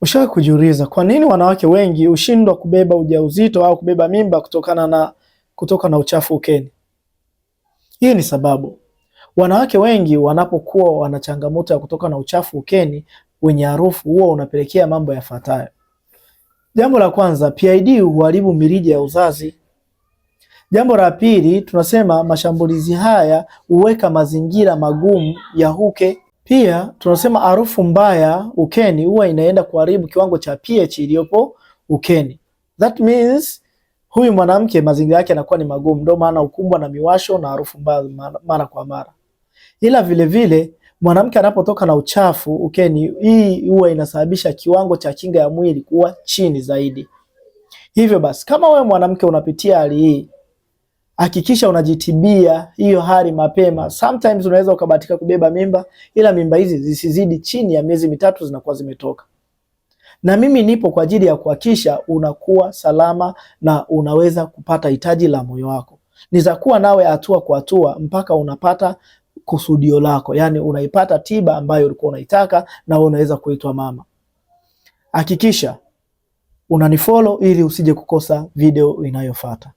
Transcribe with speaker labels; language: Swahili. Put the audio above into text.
Speaker 1: Ushawahi kujiuliza kwa nini wanawake wengi hushindwa kubeba ujauzito au kubeba mimba kutokana na kutoka na uchafu ukeni? Hii ni sababu wanawake wengi wanapokuwa wana changamoto ya kutoka na uchafu ukeni wenye harufu huwa unapelekea mambo yafuatayo. Jambo la kwanza, PID huharibu mirija ya uzazi. Jambo la pili, tunasema mashambulizi haya huweka mazingira magumu ya uke. Pia tunasema harufu mbaya ukeni huwa inaenda kuharibu kiwango cha pH iliyopo ukeni. That means huyu mwanamke mazingira yake yanakuwa ni magumu, ndio maana ukumbwa na miwasho na harufu mbaya mara kwa mara. Ila vile vile mwanamke anapotoka na uchafu ukeni, hii huwa inasababisha kiwango cha kinga ya mwili kuwa chini zaidi. Hivyo basi, kama wewe mwanamke unapitia hali hii hakikisha unajitibia hiyo hali mapema. Sometimes unaweza ukabahatika kubeba mimba, ila mimba hizi zisizidi chini ya miezi mitatu zinakuwa zimetoka. Na mimi nipo kwa ajili ya kuhakikisha unakuwa salama na unaweza kupata hitaji la moyo wako. Nitakuwa nawe hatua kwa hatua mpaka unapata kusudio lako, yaani unaipata tiba ambayo ulikuwa unaitaka na unaweza kuitwa mama. Hakikisha unanifollow ili usije kukosa video inayofuata.